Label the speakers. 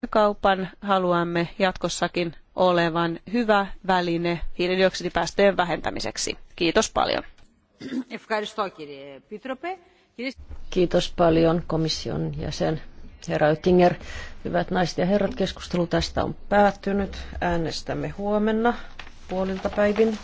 Speaker 1: Päästökaupan haluamme jatkossakin olevan hyvä väline
Speaker 2: hiilidioksidipäästöjen vähentämiseksi. Kiitos paljon. Kiitos paljon komission jäsen herra Oettinger. Hyvät naiset ja herrat, keskustelu tästä on päättynyt. Äänestämme huomenna puolilta päivin.